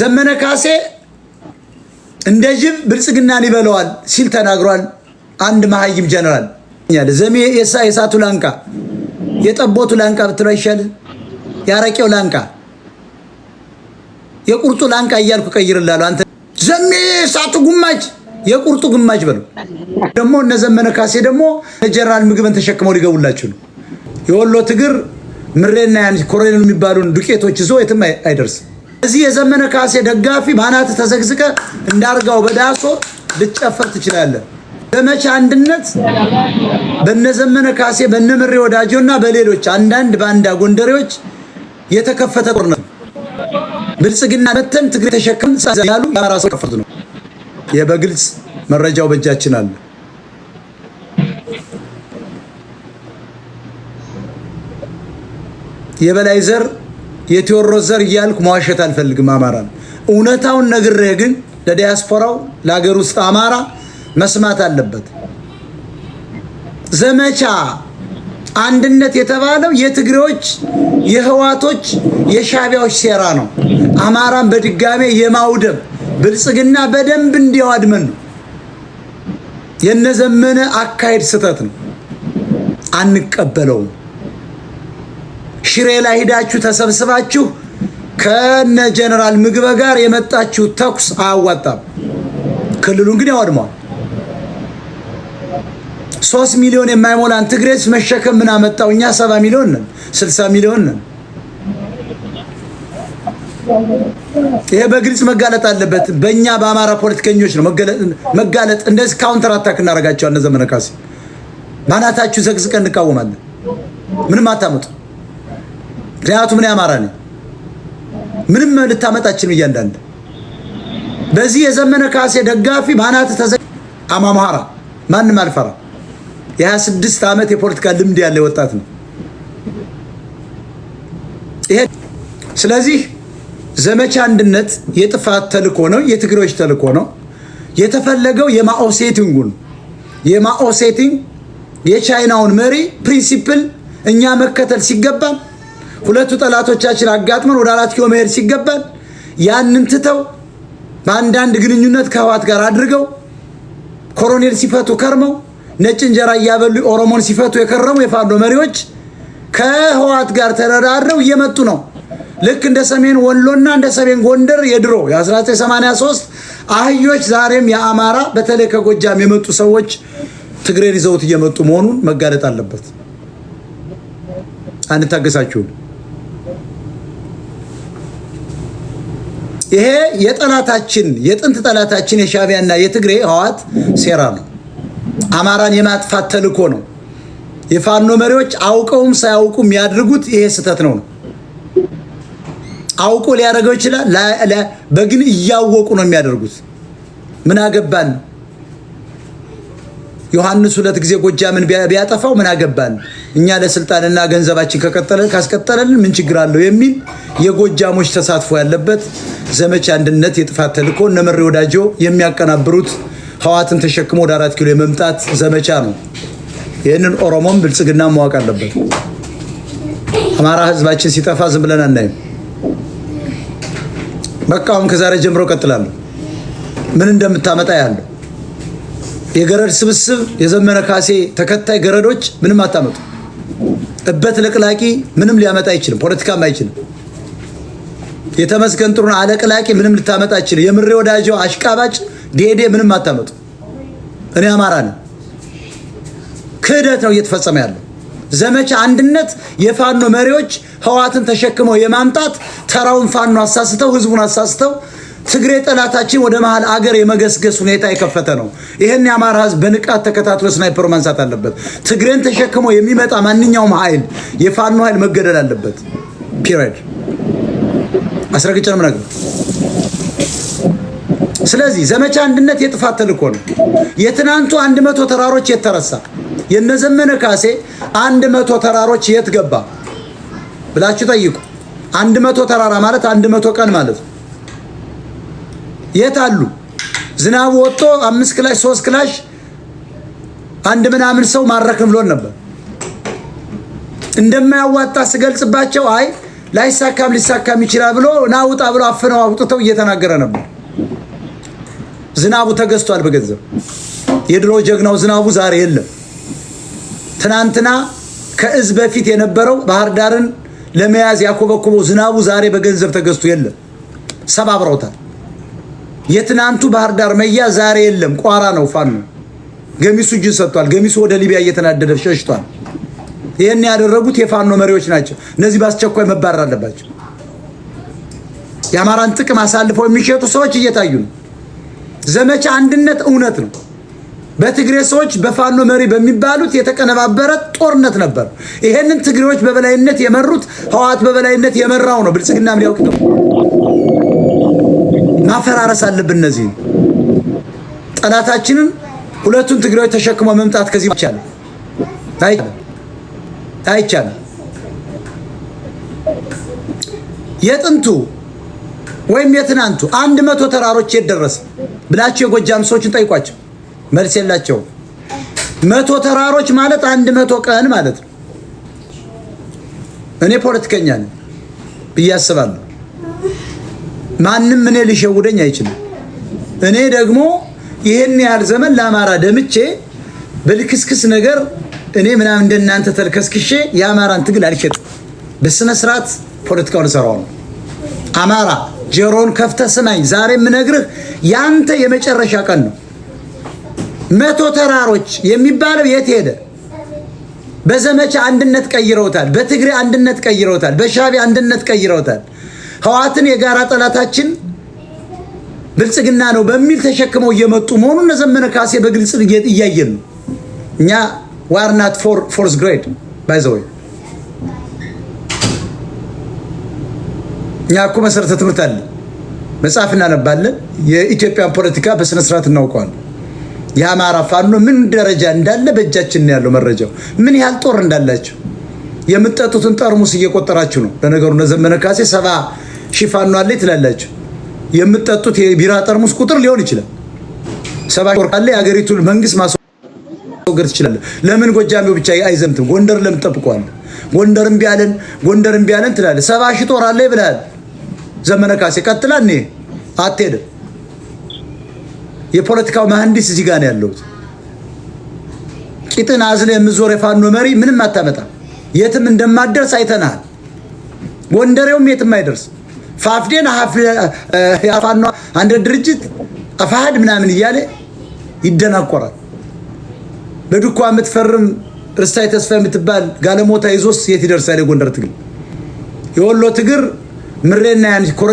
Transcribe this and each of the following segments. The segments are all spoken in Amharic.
ዘመነ ካሴ እንደ ጅብ ብልጽግናን ይበለዋል ሲል ተናግሯል። አንድ መሀይም ጀነራል ዘሜ የእሳቱ ላንቃ የጠቦቱ ላንቃ ብትለው ይሻል። የአረቄው ላንቃ የቁርጡ ላንቃ እያልኩ ቀይርላሉ። አንተ ዘሜ የእሳቱ ጉማጅ የቁርጡ ጉማጅ በሉ። ደግሞ እነ ዘመነ ካሴ ደግሞ ጀነራል ምግብን ተሸክመው ሊገቡላችሁ ነው። የወሎ ትግር ምሬና ያን ኮሎኔል የሚባሉን ዱቄቶች ይዞ የትም አይደርስም። እዚህ የዘመነ ካሴ ደጋፊ ባናት ተዘግዝቀ እንዳርጋው በዳሶ ልጨፈር ትችላለህ። ዘመቻ አንድነት በነዘመነ ካሴ በነምሬ ወዳጆና በሌሎች አንዳንድ ባንዳ ጎንደሬዎች የተከፈተ ጦርነት ብልጽግና መተን ትግሬ ተሸክም ያሉ የአማራ ሰው ከፈት ነው። ይህ በግልጽ መረጃው በእጃችን አለ። የበላይ ዘር የቴዎድሮስ ዘር እያልኩ መዋሸት አልፈልግም። አማራ ነው እውነታውን ነግሬ ግን ለዲያስፖራው ለሀገር ውስጥ አማራ መስማት አለበት። ዘመቻ አንድነት የተባለው የትግሬዎች፣ የህዋቶች፣ የሻቢያዎች ሴራ ነው። አማራን በድጋሜ የማውደም ብልጽግና በደንብ እንዲያዋድመን ነው። የነዘመነ አካሄድ ስህተት ነው። አንቀበለውም። ሽሬ ላይ ሂዳችሁ ተሰብስባችሁ ከነ ጀነራል ምግበ ጋር የመጣችሁ ተኩስ አያዋጣም። ክልሉን ግን ያወድመዋል። ሶስት ሚሊዮን የማይሞላን ትግሬስ መሸከም ምን አመጣው? እኛ ሰባ ሚሊዮን ነን፣ ስልሳ ሚሊዮን ነን። ይሄ በግልጽ መጋለጥ አለበት። በእኛ በአማራ ፖለቲከኞች ነው መጋለጥ። እንደዚህ ካውንተር አታክ እናደርጋቸዋለን። ዘመነ ካሴ ባናታችሁ ዘቅዝቀን እንቃወማለን። ምንም አታመጡ ምክንያቱም እኔ አማራ ነኝ። ምንም ልታመጣችን እያንዳንድ በዚህ የዘመነ ካሴ ደጋፊ ባናት ተዘ አማማራ ማንም አልፈራ። የ26 ዓመት የፖለቲካ ልምድ ያለ ወጣት ነው። ይሄ ስለዚህ ዘመቻ አንድነት የጥፋት ተልኮ ነው፣ የትግሮች ተልኮ ነው። የተፈለገው የማኦሴቲንጉን የማኦሴቲንግ የቻይናውን መሪ ፕሪንሲፕል እኛ መከተል ሲገባን ሁለቱ ጠላቶቻችን አጋጥመን ወደ አራት ኪሎ መሄድ ሲገባል ያንን ትተው በአንዳንድ ግንኙነት ከህዋት ጋር አድርገው ኮሎኔል ሲፈቱ ከርመው ነጭ እንጀራ እያበሉ ኦሮሞን ሲፈቱ የከረሙ የፋኖ መሪዎች ከህዋት ጋር ተደራድረው እየመጡ ነው። ልክ እንደ ሰሜን ወሎና እንደ ሰሜን ጎንደር የድሮ የ1983 አህዮች ዛሬም የአማራ በተለይ ከጎጃም የመጡ ሰዎች ትግሬን ይዘውት እየመጡ መሆኑን መጋለጥ አለበት። አንታገሳችሁም። ይሄ የጠላታችን የጥንት ጠላታችን ና የትግሬ ህዋት ሴራ ነው። አማራን የማጥፋት ተልእኮ ነው። የፋኖ መሪዎች አውቀውም ሳያውቁ የሚያድርጉት ይሄ ስህተት ነው ነው አውቆ ሊያደርገው ይችላል። በግን እያወቁ ነው የሚያደርጉት። ምን አገባን? ዮሐንስ ሁለት ጊዜ ጎጃምን ቢያጠፋው ምን አገባን? እኛ ለስልጣንና ገንዘባችን ከቀጠለን ካስቀጠለልን ምን ችግር አለው የሚል የጎጃሞች ተሳትፎ ያለበት ዘመቻ አንድነት የጥፋት ተልእኮ እነ መሬ ወዳጆ የሚያቀናብሩት ህዋትን ተሸክሞ ወደ አራት ኪሎ የመምጣት ዘመቻ ነው። ይህንን ኦሮሞም ብልጽግና ማወቅ አለበት። አማራ ህዝባችን ሲጠፋ ዝም ብለን አናይም። በቃ አሁን ከዛሬ ጀምሮ ቀጥላለሁ? ምን እንደምታመጣ ያለ የገረድ ስብስብ የዘመነ ካሴ ተከታይ ገረዶች ምንም አታመጡ። እበት ለቅላቂ ምንም ሊያመጣ አይችልም። ፖለቲካም አይችልም። የተመስገን ጥሩን አለቅላቂ ምንም ልታመጣ አይችልም። የምሬ ወዳጀው አሽቃባጭ ዴዴ ምንም አታመጡ። እኔ አማራ ነኝ። ክህደት ነው እየተፈጸመ ያለው። ዘመቻ አንድነት የፋኖ መሪዎች ህዋትን ተሸክመው የማምጣት ተራውን ፋኖ አሳስተው ህዝቡን አሳስተው ትግሬ ጠላታችን ወደ መሀል አገር የመገስገስ ሁኔታ የከፈተ ነው። ይህን የአማራ ህዝብ በንቃት ተከታትሎ ስናይፐሩ ማንሳት አለበት። ትግሬን ተሸክሞ የሚመጣ ማንኛውም ኃይል የፋኖ ኃይል መገደል አለበት። ፒሪድ አስረግጬ ነው የምነግርህ። ስለዚህ ዘመቻ አንድነት የጥፋት ተልእኮ ነው። የትናንቱ አንድ መቶ ተራሮች የት ተረሳ? የነዘመነ ካሴ አንድ መቶ ተራሮች የት ገባ ብላችሁ ጠይቁ። አንድ መቶ ተራራ ማለት አንድ መቶ ቀን ማለት ነው። የት አሉ? ዝናቡ ወጥቶ አምስት ክላሽ ሶስት ክላሽ አንድ ምናምን ሰው ማረክም ብሎን ነበር። እንደማያዋጣ ስገልጽባቸው አይ ላይሳካም ሊሳካም ይችላል ብሎ ናውጣ ብሎ አፍነው አውጥተው እየተናገረ ነበር። ዝናቡ ተገዝቷል በገንዘብ የድሮ ጀግናው ዝናቡ ዛሬ የለም። ትናንትና ከእዝ በፊት የነበረው ባህር ዳርን ለመያዝ ያኮበኩበው ዝናቡ ዛሬ በገንዘብ ተገዝቶ የለም። ሰባብረውታል። የትናንቱ ባህር ዳር መያ ዛሬ የለም፣ ቋራ ነው። ፋኖ ገሚሱ እጅን ሰጥቷል። ገሚሱ ወደ ሊቢያ እየተናደደ ሸሽቷል። ይህን ያደረጉት የፋኖ መሪዎች ናቸው። እነዚህ በአስቸኳይ መባረር አለባቸው። የአማራን ጥቅም አሳልፈው የሚሸጡ ሰዎች እየታዩ ነው። ዘመቻ አንድነት እውነት ነው። በትግሬ ሰዎች በፋኖ መሪ በሚባሉት የተቀነባበረ ጦርነት ነበር። ይሄንን ትግሬዎች በበላይነት የመሩት ህወሓት በበላይነት የመራው ነው። ብልጽግና ሊያውቅ ነው። ማፈራረስ አለብን። እነዚህ ጠላታችንን ሁለቱን ትግራዮች ተሸክሞ መምጣት ከዚህ ይቻላል፣ አይቻልም። የጥንቱ ወይም የትናንቱ አንድ መቶ ተራሮች የት ደረሰ ብላችሁ የጎጃም ሰዎችን ጠይቋቸው፣ መልስ የላቸውም። መቶ ተራሮች ማለት አንድ መቶ ቀን ማለት ነው። እኔ ፖለቲከኛ ነኝ ብዬ አስባለሁ። ማንም እኔ ሊሸውደኝ አይችልም። እኔ ደግሞ ይሄን ያህል ዘመን ለአማራ ደምቼ በልክስክስ ነገር እኔ ምናምን እንደናንተ ተልከስክሼ የአማራን ትግል አልሸጥም። በስነ ስርዓት ፖለቲካውን እሰራዋለሁ። አማራ ጆሮን ከፍተ ስማኝ። ዛሬ የምነግርህ ያንተ የመጨረሻ ቀን ነው። መቶ ተራሮች የሚባለው የት ሄደ? በዘመቻ አንድነት ቀይረውታል። በትግሬ አንድነት ቀይረውታል። በሻቢ አንድነት ቀይረውታል። ህወሓትን የጋራ ጠላታችን ብልጽግና ነው በሚል ተሸክመው እየመጡ መሆኑን ዘመነ ካሴ በግልጽ እያየን ነው። እኛ ዋርናት ፎር ፎርስ ግሬድ ባይ ዘ ወይ እኛ እኮ መሰረተ ትምህርት አለ፣ መጽሐፍ እናነባለን። የኢትዮጵያን ፖለቲካ በስነስርዓት እናውቀዋለን። የአማራ ፋኖ ምን ደረጃ እንዳለ በእጃችን ያለው መረጃው፣ ምን ያህል ጦር እንዳላቸው የምትጠጡትን ጠርሙስ እየቆጠራችሁ ነው። ለነገሩ ዘመነ ካሴ ሰባ ሽፋኗ አለ ትላላችሁ። የምትጠጡት የቢራ ጠርሙስ ቁጥር ሊሆን ይችላል። ሰባ ወር ካለ የአገሪቱን መንግስት ማስወገድ ትችላለህ። ለምን ጎጃሜው ብቻ አይዘምትም? ጎንደር ለምን ትጠብቀዋለህ? ጎንደር እምቢ አለን፣ ጎንደር እምቢ አለን ሰባ ሺህ ጦር አለ ብለሃል። ዘመነ ካሴ ቀጥላ እኔ አትሄድም። የፖለቲካው መሐንዲስ እዚህ ጋር ነው ያለሁት። ቂጥን አዝለ የምዞር የፋኖ መሪ ምንም አታመጣም። የትም እንደማደርስ አይተናል። ጎንደሬውም የትም አይደርስ። ፋፍዴን ያፋኗ አንድ ድርጅት አፋሃድ ምናምን እያለ ይደናቆራል። በዱኳ የምትፈርም እርሳይ ተስፋ የምትባል ጋለሞታ ይዞስ የት ይደርሳል? የጎንደር ትግል፣ የወሎ ትግር ምሬና ያን ኮሬ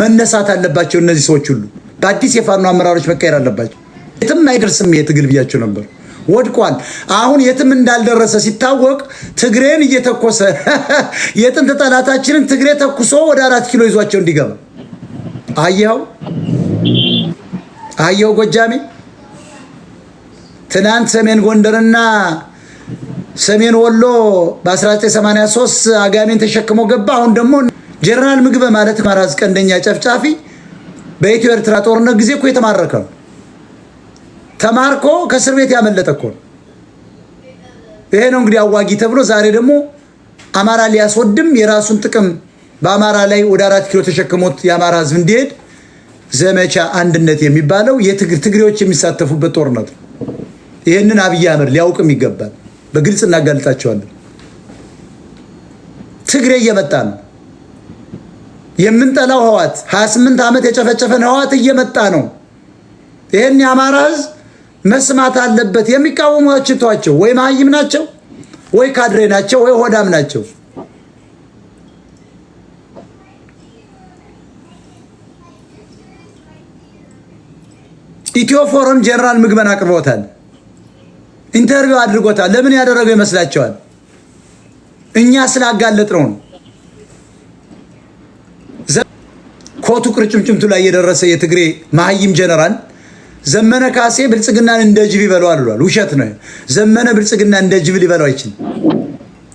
መነሳት አለባቸው። እነዚህ ሰዎች ሁሉ በአዲስ የፋኖ አመራሮች መቀየር አለባቸው። የትም አይደርስም ይሄ ትግል ብያቸው ነበር። ወድቋል። አሁን የትም እንዳልደረሰ ሲታወቅ ትግሬን እየተኮሰ የጥንት ጠላታችንን ትግሬ ተኩሶ ወደ አራት ኪሎ ይዟቸው እንዲገባ አየኸው፣ አየኸው ጎጃሜ። ትናንት ሰሜን ጎንደርና ሰሜን ወሎ በ1983 አጋሜን ተሸክሞ ገባ። አሁን ደግሞ ጀነራል ምግበ ማለት ማራዝ ቀንደኛ ጨፍጫፊ በኢትዮ ኤርትራ ጦርነት ጊዜ እኮ የተማረከ ነው። ተማርኮ ከእስር ቤት ያመለጠ እኮ ነው። ይሄ ነው እንግዲህ አዋጊ ተብሎ ዛሬ ደግሞ አማራ ሊያስወድም የራሱን ጥቅም በአማራ ላይ ወደ አራት ኪሎ ተሸክሞት የአማራ ህዝብ እንዲሄድ ዘመቻ አንድነት የሚባለው ትግሬዎች የሚሳተፉበት ጦርነት ነው። ይህንን አብይ አህመድ ሊያውቅም ይገባል። በግልጽ እናጋልጣቸዋለን። ትግሬ እየመጣ ነው። የምንጠላው ህዋት 28 ዓመት የጨፈጨፈን ህዋት እየመጣ ነው። ይህን የአማራ ህዝብ መስማት አለበት። የሚቃወሟቸው ወይ መሀይም ናቸው ወይ ካድሬ ናቸው ወይ ሆዳም ናቸው። ኢትዮ ፎረም ጀነራል ምግበን አቅርቦታል። ኢንተርቪው አድርጎታል። ለምን ያደረገው ይመስላቸዋል? እኛ ስላጋለጥ ነው። ኮቱ ቅርጭምጭምቱ ላይ የደረሰ የትግሬ መሀይም ጀነራል ዘመነ ካሴ ብልጽግናን እንደ ጅብ ይበለዋል ብሏል። ውሸት ነው። ዘመነ ብልጽግና እንደ ጅብ ሊበላው አይችልም።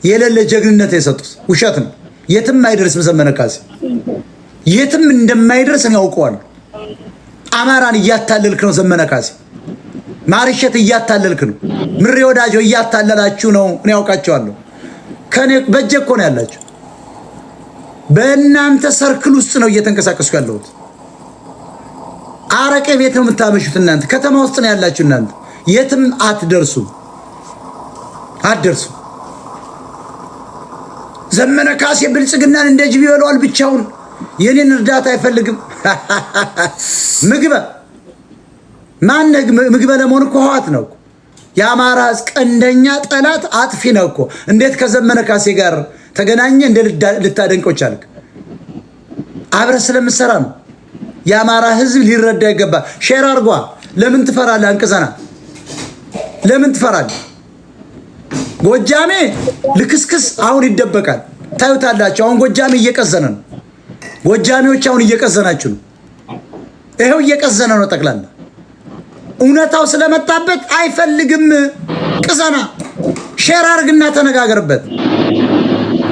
የሌለ ጀግንነት የሰጡት ውሸት ነው። የትም አይደርስም። ዘመነ ካሴ የትም እንደማይደርስ ነው ያውቀዋለሁ። አማራን እያታለልክ ነው ዘመነ ካሴ። ማርሸት እያታለልክ ነው። ምሬ ወዳጆ እያታለላችሁ ነው። እኔ ያውቃቸዋለሁ። ከኔ በእጄ እኮ ነው ያላችሁ። በእናንተ ሰርክል ውስጥ ነው እየተንቀሳቀስኩ ያለሁት። አረቄ ቤት ነው የምታመሹት እናንተ። ከተማ ውስጥ ነው ያላችሁ እናንተ። የትም አትደርሱ አትደርሱ። ዘመነ ካሴ ብልጽግናን እንደ ጅብ ይበለዋል ብቻውን። የኔን እርዳታ አይፈልግም። ምግበ ማነህ? ምግበ ለመሆን እኮ ህዋት ነው የአማራ ቀንደኛ ጠላት አጥፊ ነው እኮ። እንዴት ከዘመነ ካሴ ጋር ተገናኘ? እንደ ልታደንቆች አልክ። አብረህ ስለምሰራ ነው የአማራ ህዝብ ሊረዳ ይገባ። ሼር አርጓ። ለምን ትፈራለህ? አንቅዘና ለምን ትፈራለህ? ጎጃሜ ልክስክስ አሁን ይደበቃል። ታዩታላችሁ። አሁን ጎጃሜ እየቀዘነ ነው። ጎጃሜዎች አሁን እየቀዘናችሁ ነው። ይኸው እየቀዘነ ነው። ጠቅላላ እውነታው ስለመጣበት አይፈልግም። ቅዘና፣ ሼር አርግና ተነጋገርበት።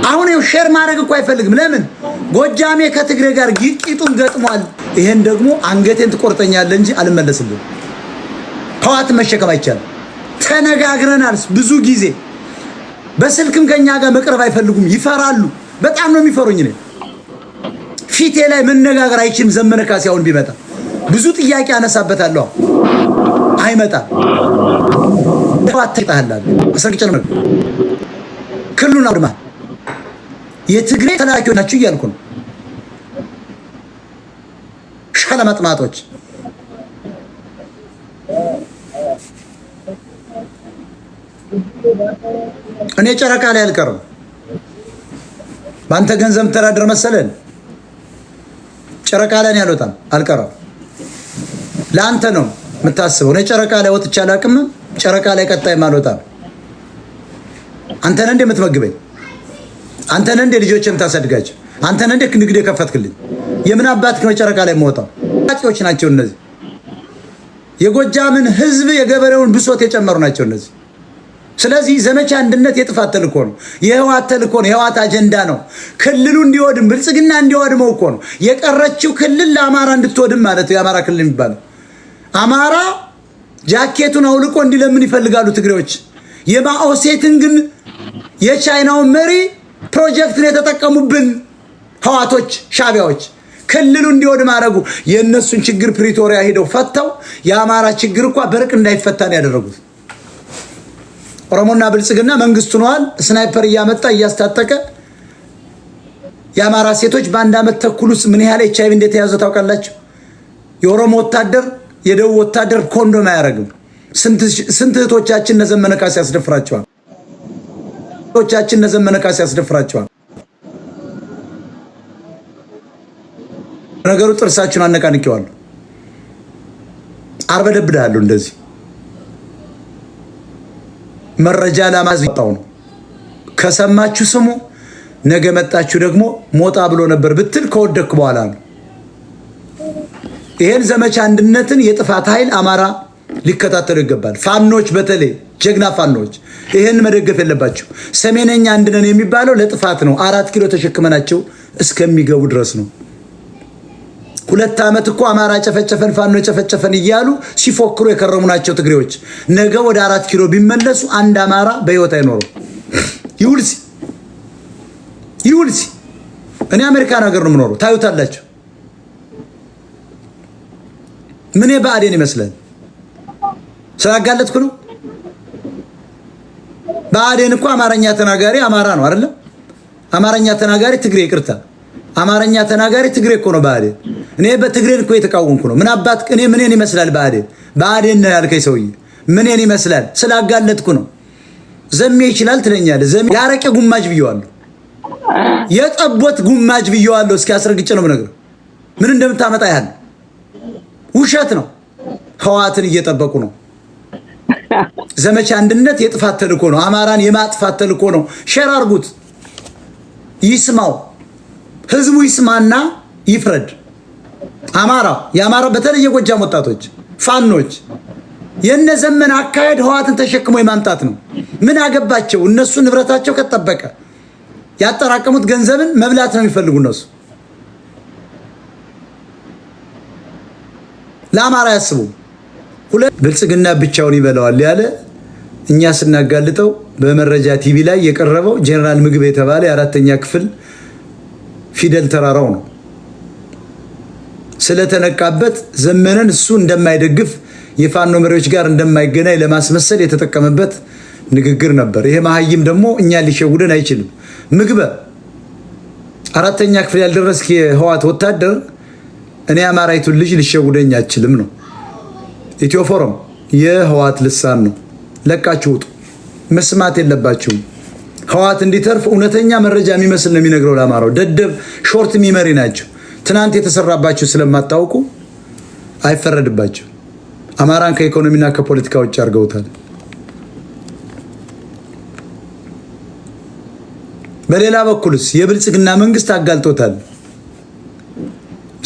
አሁን ይኸው ሼር ማድረግ እኮ አይፈልግም። ለምን? ጎጃሜ ከትግሬ ጋር ቂጡን ገጥሟል። ይሄን ደግሞ አንገቴን ትቆርጠኛለህ እንጂ አልመለስልህም። ህዋት መሸከም አይቻልም። ተነጋግረናል ብዙ ጊዜ። በስልክም ከኛ ጋር መቅረብ አይፈልጉም፣ ይፈራሉ። በጣም ነው የሚፈሩኝ። እኔ ፊቴ ላይ መነጋገር አይችልም። ዘመነ ካሴ አሁን ቢመጣ ብዙ ጥያቄ አነሳበታለሁ። አይመጣ ተባተጣላል አሰርግጨ ነው ክሉን አውድማ የትግሬ ተላኪዎች ናችሁ እያልኩ ነው። ሸለመጥማጦች እኔ ጨረቃ ላይ አልቀርም። በአንተ ገንዘብ ተዳደር መሰለን። ጨረቃ ላይ እኔ አልቀረም። ለአንተ ነው የምታስበው። እኔ ጨረቃ ላይ ወጥቼ አላውቅም። ጨረቃ ላይ ቀጣይም አልወጣም። አንተን እንዴ የምትመግበኝ፣ አንተን እንዴ ልጆች የምታሰድጋቸው፣ አንተን እንዴ ንግድ የከፈትክልኝ የምን አባት ከመጨረቃ ላይ መውጣው ቃጪዎች ናቸው እነዚህ። የጎጃምን ህዝብ የገበሬውን ብሶት የጨመሩ ናቸው እነዚህ። ስለዚህ ዘመቻ አንድነት የጥፋት ተልኮ ነው፣ የህዋት ተልኮ ነው፣ የህዋት አጀንዳ ነው። ክልሉ እንዲወድም ብልጽግና እንዲወድመው እኮ ነው። የቀረችው ክልል ለአማራ እንድትወድም ማለት ነው። የአማራ ክልል የሚባለው አማራ ጃኬቱን አውልቆ እንዲለምን ይፈልጋሉ ትግሬዎች። የማኦሴትን ግን የቻይናውን መሪ ፕሮጀክትን የተጠቀሙብን ህዋቶች ሻቢያዎች ክልሉ እንዲወድ ማድረጉ የእነሱን ችግር ፕሪቶሪያ ሂደው ፈተው የአማራ ችግር እኳ በርቅ እንዳይፈታ ነው ያደረጉት። ኦሮሞና ብልጽግና መንግስቱ ነዋል ስናይፐር እያመጣ እያስታጠቀ የአማራ ሴቶች በአንድ ዓመት ተኩል ውስጥ ምን ያህል ኤች አይቪ እንደተያዘ ታውቃላቸው? የኦሮሞ ወታደር የደቡብ ወታደር ኮንዶም አያደርግም። ስንት እህቶቻችን እነ ካሴ ያስደፍራቸዋል። እህቶቻችን እነ ካሴ ያስደፍራቸዋል። ነገሩ ጥርሳችሁን አነቃንቄዋለሁ። አርበደብድሃለሁ። እንደዚህ መረጃ ላማዝጣው ነው። ከሰማችሁ ስሙ። ነገ መጣችሁ ደግሞ ሞጣ ብሎ ነበር ብትል ከወደክ በኋላ ነው። ይሄን ዘመቻ አንድነትን የጥፋት ኃይል አማራ ሊከታተሉ ይገባል። ፋኖች፣ በተለይ ጀግና ፋኖች ይህን መደገፍ የለባቸው። ሰሜነኛ አንድነን የሚባለው ለጥፋት ነው። አራት ኪሎ ተሸክመናቸው እስከሚገቡ ድረስ ነው። ሁለት ዓመት እኮ አማራ ጨፈጨፈን፣ ፋኖ ጨፈጨፈን እያሉ ሲፎክሩ የከረሙ ናቸው ትግሬዎች። ነገ ወደ አራት ኪሎ ቢመለሱ አንድ አማራ በህይወት አይኖርም። ይውልሲ ይውልሲ። እኔ አሜሪካን ሀገር ነው የምኖረው። ታዩታላችሁ። ምን ብአዴን ይመስላል? ስላጋለጥኩ ነው። ብአዴን እኮ አማርኛ ተናጋሪ አማራ ነው አይደለም? አማርኛ ተናጋሪ ትግሬ፣ ይቅርታ፣ አማርኛ ተናጋሪ ትግሬ እኮ ነው ብአዴን እኔ በትግሬን እኮ የተቃወምኩ ነው። ምን አባት እኔ ምንን ይመስላል ብአዴን ብአዴን ነው ያልከኝ ሰውዬ ምንን ይመስላል? ስላጋለጥኩ ነው። ዘሜ ይችላል ትለኛለህ። ዘሜ ያረቄ ጉማጅ ብየዋለሁ፣ የጠቦት ጉማጅ ብየዋለሁ። እስኪ አስረግጬ ነው የምነግርህ። ምን እንደምታመጣ ያህል ውሸት ነው። ህዋትን እየጠበቁ ነው። ዘመቻ አንድነት የጥፋት ተልኮ ነው። አማራን የማጥፋት ተልኮ ነው። ሸር አርጉት ይስማው ህዝቡ፣ ይስማና ይፍረድ። አማራ የአማራ በተለይ የጎጃም ወጣቶች ፋኖች የነ ዘመን አካሄድ ህዋትን ተሸክሞ የማምጣት ነው። ምን አገባቸው እነሱ ንብረታቸው ከተጠበቀ ያጠራቀሙት ገንዘብን መብላት ነው የሚፈልጉ እነሱ። ለአማራ ያስቡ። ሁለት ብልጽግና ብቻውን ይበላዋል ያለ እኛ ስናጋልጠው በመረጃ ቲቪ ላይ የቀረበው ጀኔራል ምግብ የተባለ የአራተኛ ክፍል ፊደል ተራራው ነው። ስለተነቃበት ዘመነን እሱ እንደማይደግፍ የፋኖ መሪዎች ጋር እንደማይገናኝ ለማስመሰል የተጠቀመበት ንግግር ነበር። ይሄ መሀይም ደግሞ እኛ ሊሸውደን አይችልም። ምግበ አራተኛ ክፍል ያልደረስክ የህዋት ወታደር እኔ አማራይቱን ልጅ ሊሸውደኝ አይችልም ነው። ኢትዮፎረም የህዋት ልሳን ነው። ለቃችሁ ውጡ። መስማት የለባችሁም። ህዋት እንዲተርፍ እውነተኛ መረጃ የሚመስል ነው የሚነግረው ለአማራው። ደደብ ሾርት የሚመሪ ናቸው። ትናንት የተሰራባቸው ስለማታውቁ አይፈረድባቸው። አማራን ከኢኮኖሚና ከፖለቲካ ውጭ አድርገውታል። በሌላ በኩልስ የብልጽግና መንግስት አጋልጦታል።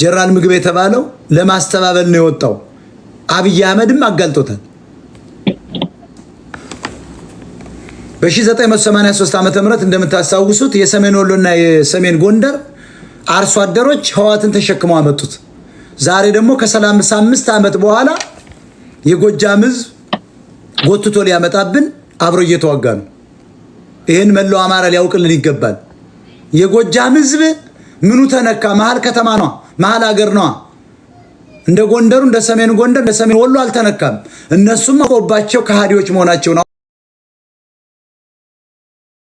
ጀነራል ምግብ የተባለው ለማስተባበል ነው የወጣው። አብይ አህመድም አጋልጦታል። በ1983 ዓ ም እንደምታስታውሱት የሰሜን ወሎና የሰሜን ጎንደር አርሶ አደሮች ህዋትን ተሸክመው አመጡት። ዛሬ ደግሞ ከሰላሳ አምስት ዓመት በኋላ የጎጃም ህዝብ ጎትቶ ሊያመጣብን አብሮ እየተዋጋ ነው። ይህን መላው አማራ ሊያውቅልን ይገባል። የጎጃም ህዝብ ምኑ ተነካ? መሀል ከተማ ነዋ፣ መሀል አገር ነዋ። እንደ ጎንደሩ እንደ ሰሜን ጎንደር እንደ ሰሜን ወሎ አልተነካም። እነሱም ቆባቸው ከሃዲዎች መሆናቸው ነው።